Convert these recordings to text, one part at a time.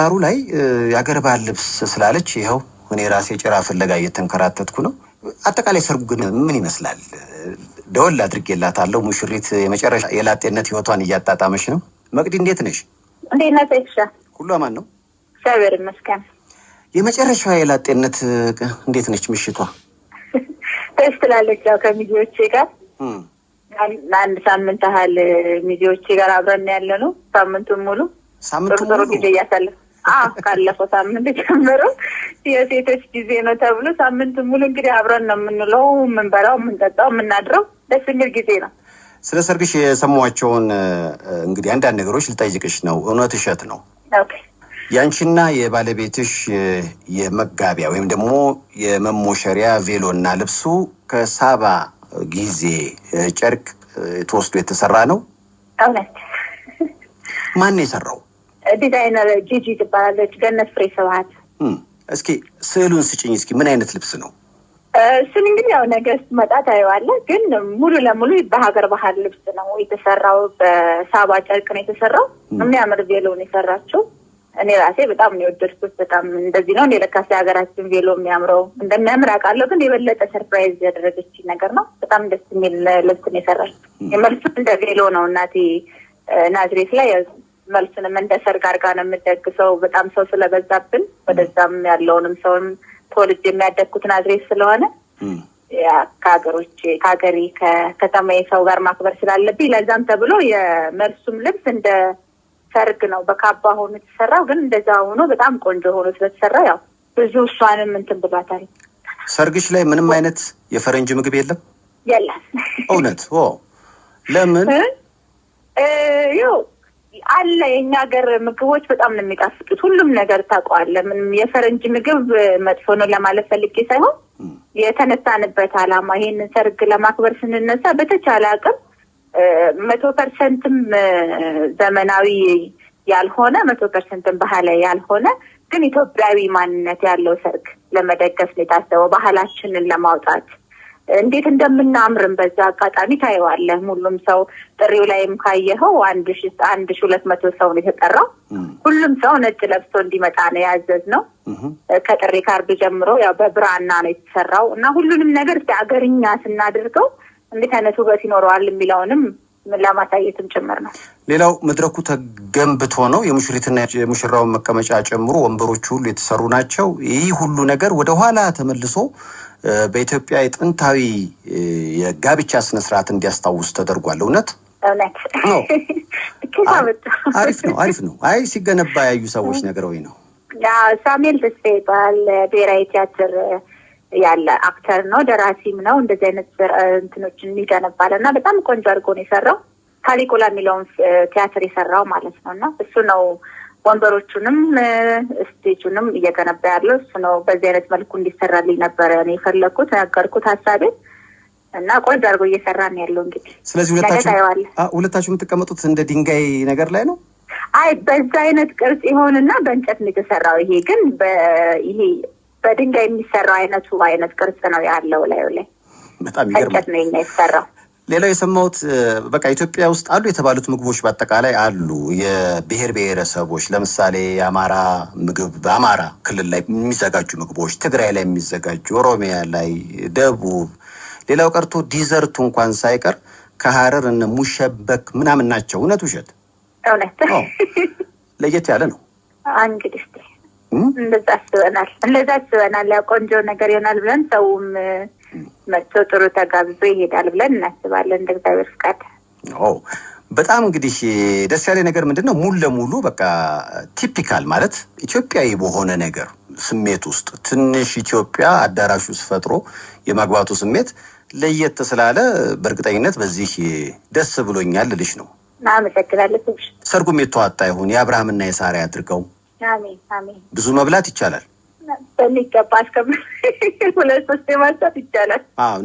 ዳሩ ላይ የአገር ባህል ልብስ ስላለች ይኸው እኔ ራሴ ጭራ ፍለጋ እየተንከራተትኩ ነው። አጠቃላይ ሰርጉ ግን ምን ይመስላል? ደወል አድርጌላታለሁ። ሙሽሪት የመጨረሻ የላጤነት ህይወቷን እያጣጣመች ነው። መቅዲ እንዴት ነሽ? እንዴት ነህ? ሁሉ አማን ነው፣ እግዚአብሔር ይመስገን። የመጨረሻ የላጤነት እንዴት ነች? ምሽቷ ደስ ትላለች። ያው ከሚዜዎቼ ጋር ለአንድ ሳምንት ያህል ሚዜዎቼ ጋር አብረን ያለ ነው። ሳምንቱን ሙሉ ሳምንቱ ጥሩ ጊዜ እያሳለፍ ካለፈው ሳምንት ጀምሮ የሴቶች ጊዜ ነው ተብሎ ሳምንት ሙሉ እንግዲህ አብረን ነው የምንለው፣ የምንበላው፣ የምንጠጣው፣ የምናድረው ደስ የሚል ጊዜ ነው። ስለ ሰርግሽ የሰሟቸውን እንግዲህ አንዳንድ ነገሮች ልጠይቅሽ ነው። እውነት እሸት ነው ያንቺና የባለቤትሽ የመጋቢያ ወይም ደግሞ የመሞሸሪያ ቬሎና ልብሱ ከሳባ ጊዜ ጨርቅ ተወስዶ የተሰራ ነው። እውነት ማን የሰራው? ዲዛይነር ጂጂ ትባላለች። ገነት ፍሬ ስብሀት። እስኪ ስዕሉን ስጭኝ እስኪ ምን አይነት ልብስ ነው? እሱን እንግዲህ ያው ነገ ስትመጣ ታየዋለህ። ግን ሙሉ ለሙሉ በሀገር ባህል ልብስ ነው የተሰራው። በሳባ ጨርቅ ነው የተሰራው። የሚያምር ቬሎ ነው የሰራችው። እኔ ራሴ በጣም ነው የወደድኩት። በጣም እንደዚህ ነው እኔ ለካሴ ሀገራችን ቬሎ የሚያምረው እንደሚያምር አውቃለሁ። ግን የበለጠ ሰርፕራይዝ ያደረገች ነገር ነው። በጣም ደስ የሚል ልብስ ነው የሰራችው። የመልሱ እንደ ቬሎ ነው እናቴ ናዝሬት ላይ መልስንም እንደ ሰርግ አድርጋ ነው የምደግሰው። በጣም ሰው ስለበዛብን ወደዛም ያለውንም ሰውም ተወልጄ የሚያደግኩትን አድሬስ ስለሆነ ከሀገሮቼ ከሀገሬ ከከተማዬ ሰው ጋር ማክበር ስላለብኝ ለዛም ተብሎ የመልሱም ልብስ እንደ ሰርግ ነው በካባ ሆኖ የተሰራው። ግን እንደዛ ሆኖ በጣም ቆንጆ ሆኖ ስለተሰራ ያው ብዙ እሷንም እንትን ብሏታል። ሰርግሽ ላይ ምንም አይነት የፈረንጅ ምግብ የለም የለም። እውነት ለምን? ያው አለ የእኛ ሀገር ምግቦች በጣም ነው የሚጣፍጡት። ሁሉም ነገር ታውቀዋለህ። ምንም የፈረንጅ ምግብ መጥፎ ነው ለማለት ፈልጌ ሳይሆን የተነሳንበት አላማ ይሄንን ሰርግ ለማክበር ስንነሳ በተቻለ አቅም መቶ ፐርሰንትም ዘመናዊ ያልሆነ መቶ ፐርሰንትም ባህላዊ ያልሆነ ግን ኢትዮጵያዊ ማንነት ያለው ሰርግ ለመደገፍ ነው የታሰበው ባህላችንን ለማውጣት እንዴት እንደምናምርም በዛ አጋጣሚ ታየዋለህ። ሁሉም ሰው ጥሪው ላይም ካየኸው አንድ ሺ አንድ ሺ ሁለት መቶ ሰው ነው የተጠራው። ሁሉም ሰው ነጭ ለብሶ እንዲመጣ ነው ያዘዝ ነው። ከጥሪ ካርድ ጀምሮ ያው በብራና ነው የተሰራው እና ሁሉንም ነገር አገርኛ ስናደርገው እንዴት አይነት ውበት ይኖረዋል የሚለውንም ለማሳየትም ጭምር ነው። ሌላው መድረኩ ተገንብቶ ነው የሙሽሪትና የሙሽራውን መቀመጫ ጨምሮ ወንበሮቹ ሁሉ የተሰሩ ናቸው። ይህ ሁሉ ነገር ወደኋላ ተመልሶ በኢትዮጵያ የጥንታዊ የጋብቻ ስነስርዓት እንዲያስታውስ ተደርጓል። እውነት አሪፍ ነው፣ አሪፍ ነው። አይ ሲገነባ ያዩ ሰዎች ነገራዊ ነው። ሳሙኤል ደስታ ይባል ብሔራዊ ቲያትር ያለ አክተር ነው፣ ደራሲም ነው። እንደዚህ አይነት እንትኖችን ይገነባል እና በጣም ቆንጆ አድርጎ ነው የሰራው። ካሊቁላ የሚለውን ቲያትር የሰራው ማለት ነው እና እሱ ነው ወንበሮቹንም ስቴጁንም እየገነባ ያለው እሱ ነው። በዚህ አይነት መልኩ እንዲሰራልኝ ነበረ እኔ የፈለግኩት ያገርኩት ሀሳቤ እና ቆንጆ አድርጎ እየሰራ ነው ያለው። እንግዲህ ስለዚህ ሁለታችሁ የምትቀመጡት እንደ ድንጋይ ነገር ላይ ነው። አይ በዛ አይነት ቅርጽ ይሆንና በእንጨት ነው የተሰራው። ይሄ ግን ይሄ በድንጋይ የሚሰራው አይነቱ አይነት ቅርጽ ነው ያለው ላዩ ላይ በጣም ይገርማል። እንጨት ነው የኛ የተሰራው። ሌላው የሰማሁት በቃ ኢትዮጵያ ውስጥ አሉ የተባሉት ምግቦች በአጠቃላይ አሉ። የብሔር ብሔረሰቦች ለምሳሌ የአማራ ምግብ በአማራ ክልል ላይ የሚዘጋጁ ምግቦች፣ ትግራይ ላይ የሚዘጋጁ፣ ኦሮሚያ ላይ፣ ደቡብ፣ ሌላው ቀርቶ ዲዘርቱ እንኳን ሳይቀር ከሀረር እነ ሙሸበክ ምናምን ናቸው። እውነት ውሸት? እውነት ለየት ያለ ነው። እንግዲህ እንደዛ አስበናል፣ እንደዛ አስበናል። ቆንጆ ነገር ይሆናል ብለን ሰውም መጥቶ ጥሩ ተጋብዞ ይሄዳል ብለን እናስባለን እንደ እግዚአብሔር ፍቃድ። በጣም እንግዲህ ደስ ያለ ነገር ምንድን ነው? ሙሉ ለሙሉ በቃ ቲፒካል ማለት ኢትዮጵያዊ በሆነ ነገር ስሜት ውስጥ ትንሽ ኢትዮጵያ አዳራሹ ስፈጥሮ የማግባቱ ስሜት ለየት ስላለ በእርግጠኝነት በዚህ ደስ ብሎኛል ልልሽ ነው። አመሰግናለሁ። ሰርጉም የተዋጣ ይሁን የአብርሃምና የሳራ ያድርገው። ብዙ መብላት ይቻላል። በሚገባ እስከም ሁለት ሶስት ይቻላል። አዎ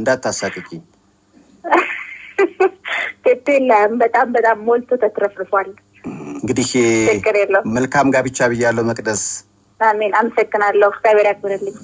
በጣም በጣም ሞልቶ ተትረፍርፏል። እንግዲህ መልካም ጋብቻ ብያለሁ መቅደስ። አሜን። አመሰግናለሁ። እግዚአብሔር ያክብርልኝ።